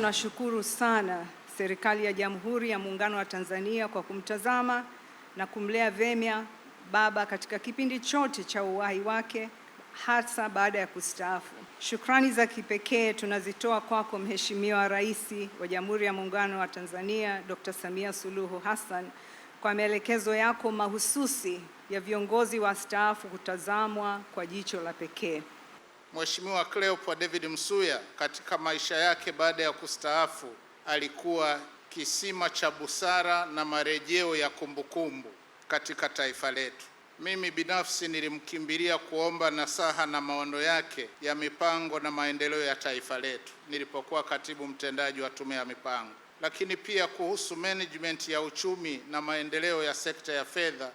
Tunashukuru sana serikali ya Jamhuri ya Muungano wa Tanzania kwa kumtazama na kumlea vema baba katika kipindi chote cha uhai wake hasa baada ya kustaafu. Shukrani za kipekee tunazitoa kwako Mheshimiwa Rais wa Jamhuri ya Muungano wa Tanzania Dr. Samia Suluhu Hassan kwa maelekezo yako mahususi ya viongozi wastaafu kutazamwa kwa jicho la pekee. Mheshimiwa Cleopa David Msuya katika maisha yake baada ya kustaafu alikuwa kisima cha busara na marejeo ya kumbukumbu -kumbu katika taifa letu. Mimi binafsi nilimkimbilia kuomba nasaha na maono yake ya mipango na maendeleo ya taifa letu nilipokuwa katibu mtendaji wa Tume ya Mipango, lakini pia kuhusu management ya uchumi na maendeleo ya sekta ya fedha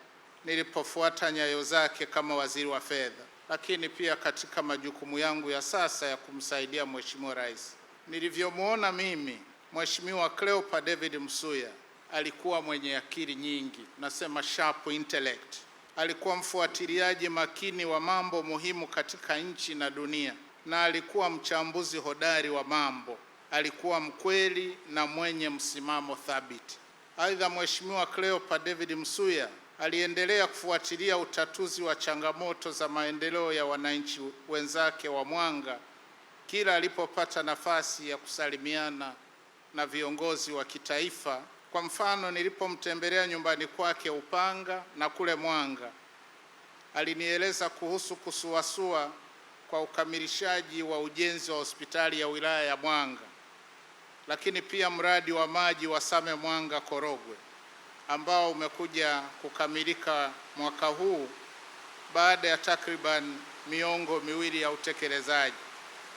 nilipofuata nyayo zake kama waziri wa fedha lakini pia katika majukumu yangu ya sasa ya kumsaidia Mheshimiwa Rais. Nilivyomwona mimi, Mheshimiwa Cleopa David Msuya alikuwa mwenye akili nyingi, nasema sharp intellect. Alikuwa mfuatiliaji makini wa mambo muhimu katika nchi na dunia, na alikuwa mchambuzi hodari wa mambo. Alikuwa mkweli na mwenye msimamo thabiti. Aidha, Mheshimiwa Cleopa David Msuya aliendelea kufuatilia utatuzi wa changamoto za maendeleo ya wananchi wenzake wa Mwanga kila alipopata nafasi ya kusalimiana na viongozi wa kitaifa. Kwa mfano, nilipomtembelea nyumbani kwake Upanga na kule Mwanga, alinieleza kuhusu kusuasua kwa ukamilishaji wa ujenzi wa hospitali ya wilaya ya Mwanga, lakini pia mradi wa maji wa Same Mwanga Korogwe ambao umekuja kukamilika mwaka huu baada ya takriban miongo miwili ya utekelezaji.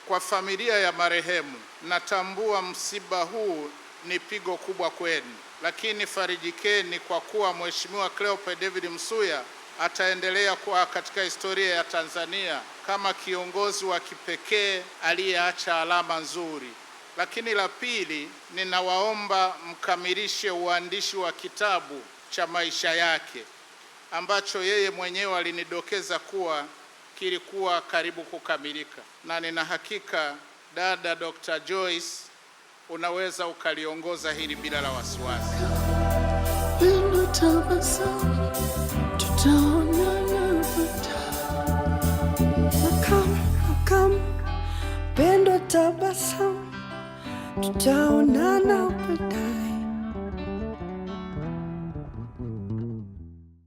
Kwa familia ya marehemu, natambua msiba huu ni pigo kubwa kwenu, lakini farijikeni kwa kuwa Mheshimiwa Cleopa David Msuya ataendelea kuwa katika historia ya Tanzania kama kiongozi wa kipekee aliyeacha alama nzuri. Lakini la pili, ninawaomba mkamilishe uandishi wa kitabu cha maisha yake ambacho yeye mwenyewe alinidokeza kuwa kilikuwa karibu kukamilika, na nina hakika dada Dr. Joyce unaweza ukaliongoza hili bila la wasiwasi. down, and know, but I